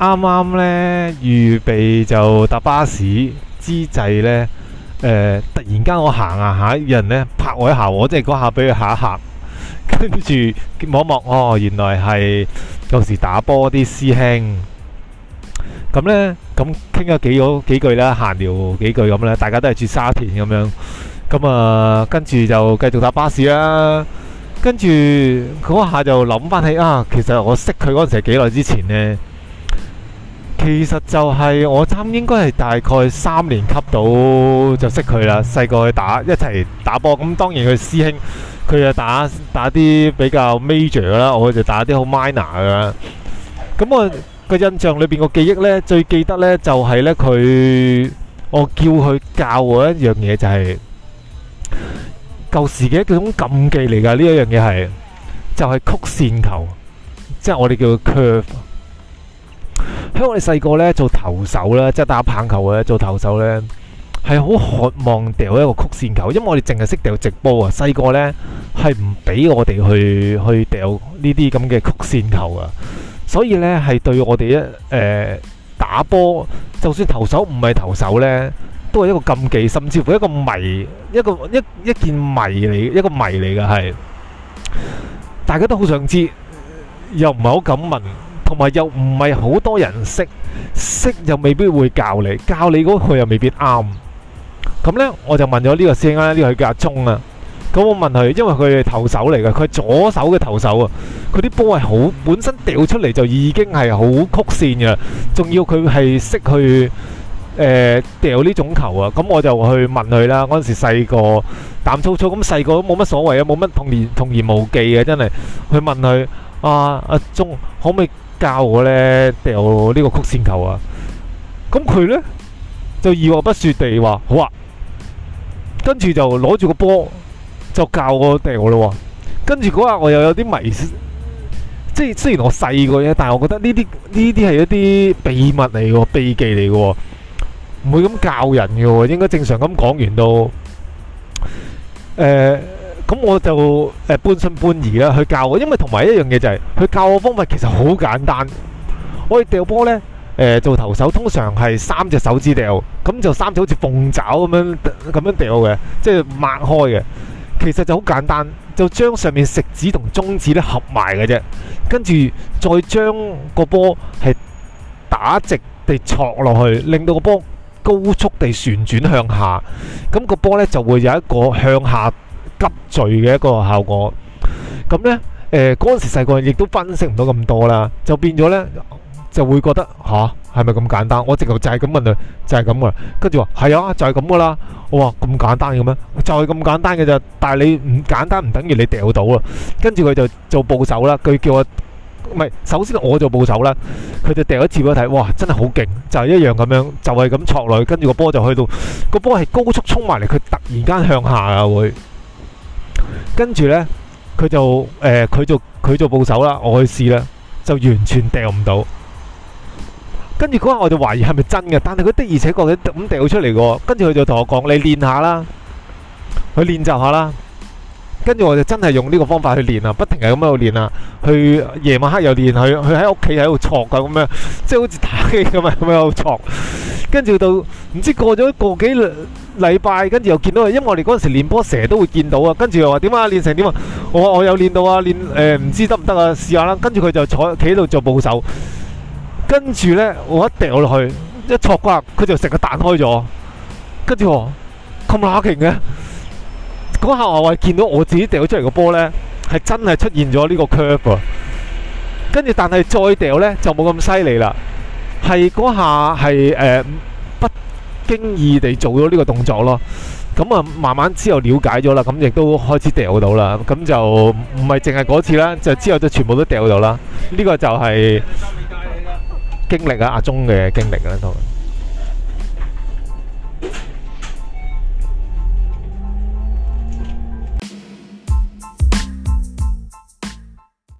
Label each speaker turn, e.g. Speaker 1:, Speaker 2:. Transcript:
Speaker 1: 啱啱咧，預備就搭巴士之際咧，誒，突然間我行下下，有人咧拍我一下，我即係嗰下俾佢嚇一嚇，跟住望一望，哦，原來係舊時打波啲師兄。咁咧，咁傾咗幾好幾句啦，閒聊幾句咁咧，大家都係住沙田咁樣，咁啊，跟住就繼續搭巴士啦。跟住嗰下就諗翻起啊，其實我識佢嗰時係幾耐之前咧。其實就係我諗應該係大概三年級到就識佢啦，細個去打一齊打波。咁當然佢師兄，佢就打打啲比較 major 啦，我就打啲好 minor 噶。咁我個印象裏邊個記憶呢，最記得呢就係呢，佢，我叫佢教我一樣嘢就係舊時嘅一種禁忌嚟噶，呢一樣嘢係就係曲線球，即係我哋叫 curve。喺我哋細個呢，做投手咧，即係打棒球嘅做投手呢，係好渴望掉一個曲線球，因為我哋淨係識掉直波啊。細個呢，係唔俾我哋去去掉呢啲咁嘅曲線球啊。所以呢，係對我哋一誒打波，就算投手唔係投手呢，都係一個禁忌，甚至乎一個謎，一個一一件謎嚟，一個謎嚟嘅係，大家都好想知，又唔係好敢問。同埋又唔係好多人識，識又未必會教你，教你嗰個又未必啱。咁咧，我就問咗呢個師兄啊，呢個叫阿聰啊。咁我問佢，因為佢係投手嚟嘅，佢左手嘅投手啊，佢啲波係好本身掉出嚟就已經係好曲線嘅，仲要佢係識去誒掉呢種球啊。咁我就去問佢啦。嗰陣時細個膽粗粗，咁細個都冇乜所謂啊，冇乜童言童言無忌嘅，真係去問佢。啊！阿鍾可唔可以教我咧掉呢個曲線球啊？咁佢咧就二話不說地話好啊，跟住就攞住個波就教我掉啦。跟住嗰日我又有啲迷，即係雖然我細個啫，但係我覺得呢啲呢啲係一啲秘密嚟嘅，秘技嚟嘅，唔會咁教人嘅，應該正常咁講完都誒。呃咁我就誒半信半疑啦，去教我，因為同埋一樣嘢就係佢教我方法其實好簡單。我哋掉波呢，誒、呃、做投手通常係三隻手指掉，咁就三隻好似鳳爪咁樣咁樣掉嘅，即係擘開嘅。其實就好簡單，就將上面食指同中指咧合埋嘅啫，跟住再將個波係打直地戳落去，令到個波高速地旋轉向下，咁個波呢，就會有一個向下急墜嘅一個效果咁咧，誒，嗰陣時細個亦都分析唔到咁多啦，就變咗咧，就會覺得吓係咪咁簡單？我直頭就係咁問佢，就係咁噶啦。跟住話係啊，就係咁噶啦。我話咁簡單嘅咩？就係咁簡單嘅啫。但係你唔簡單唔等於你掉到啊。跟住佢就做暴走啦。佢叫我唔係，首先我做暴走啦。佢就掉一次俾我睇，哇，真係好勁，就係一樣咁樣，就係咁戳落去。跟住個波就去到個波係高速衝埋嚟，佢突然間向下啊，會。跟住呢，佢就誒，佢、呃、做，佢做部手啦，我去試咧，就完全掉唔到。跟住嗰日我就懷疑係咪真嘅，但係佢的而且確佢咁掉出嚟個。跟住佢就同我講：「你練下啦，去練習下啦」。跟住我就真係用呢個方法去練啊，不停係咁喺度練啊，去夜晚黑又練，去去喺屋企喺度坐噶咁樣，即係好似打機咁啊，喺度坐。跟住到唔知過咗個幾禮拜，跟住又見到佢，因為我哋嗰陣時練波成日都會見到啊。跟住又話點啊，練成點啊，我我有練到啊，練誒唔知得唔得啊，試下啦。跟住佢就坐企喺度做捕手，跟住咧我一掉落去一戳骨，佢就成個彈開咗。跟住咁拉勁嘅，嗰下我係見到我自己掉咗出嚟個波咧，係真係出現咗呢個 curve。跟住但係再掉咧就冇咁犀利啦。係嗰下係誒不經意地做咗呢個動作咯，咁啊慢慢之後了解咗啦，咁亦都開始掉到啦，咁就唔係淨係嗰次啦，就之後就全部都掉到啦。呢個就係經歷啊，阿忠嘅經歷啦，到。